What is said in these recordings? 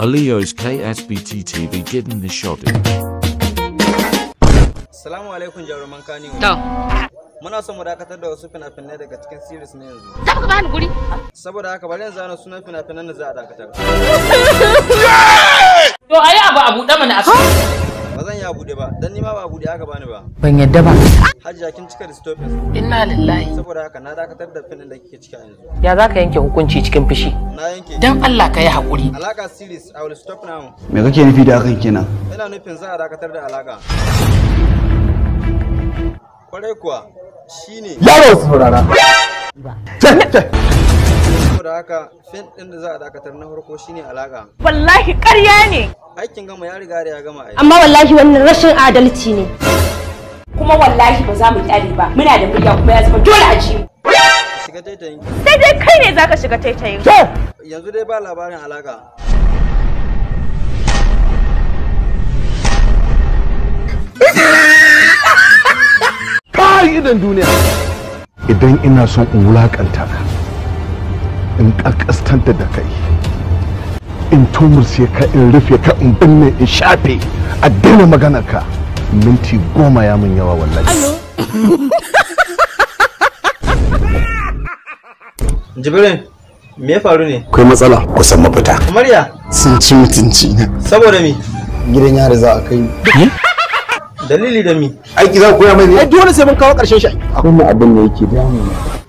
Alio's KSBT TV this nishadi. Salamu alaikum jaruman kaniwa. To. Muna son mu dakatar da wasu fina-finai daga cikin series na yanzu. Za ka bani guri. Saboda haka bari yanzu ana sunan fina-finan da za a dakatar. daidai ba dan nima ba a buɗe aka bani ba ban yadda ba hajiya kin cika da stopes inna lillahi saboda haka na dakatar da filin da kike ciki a yanzu ya zaka yanke hukunci cikin fushi na yanke dan Allah ka yi hakuri alaka series i will stop now me kake nufi da hakan kenan ina nufin za a dakatar da alaka kwarai kuwa shine yaro saurara saboda haka fin din da za a dakatar na farko shine alaka wallahi ƙarya ne aikin gama ya riga ya gama aiki amma wallahi wannan rashin adalci ne kuma wallahi ba za mu kyale ba muna da murya kuma ya zama dole a ji shiga taitayin sai dai kai ne zaka shiga taitayin yanzu dai ba labarin alaka fa'idan duniya idan ina son in wulakanta in ƙaƙastanta da kai in tumurce ka in rufe ka in binne in shafe a daina magana ka minti goma ya mun yawa wallahi jibrin me ya faru ne akwai matsala kusan mafita amarya sun ci mutunci na saboda me gidan yari za a kai dalili da mi aiki za ku koya mai ne ai dole sai mun kawo karshen shi akwai mu abin da yake damu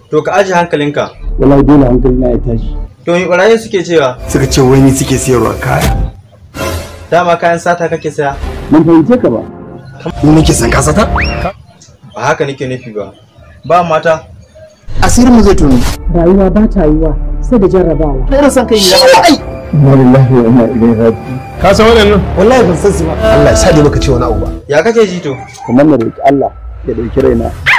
to ka aje hankalinka wallahi dole hankalina ya tashi to me barayin suke cewa suka ce wani suke siyarwa kaya dama kayan sata kake saya ban fahimce ka ba ni nake san ka sata ba haka nake nufi ba ba mata asirin mu zai Ba rayuwa ba ta yiwa sai da jarrabawa na irin san kai ne ai inna wa inna ilaihi raji'un ka san wannan? wallahi ban san su ba Allah ya sa da baka ce wani abu ba ya kake ji to kuma na roki Allah ya dauki raina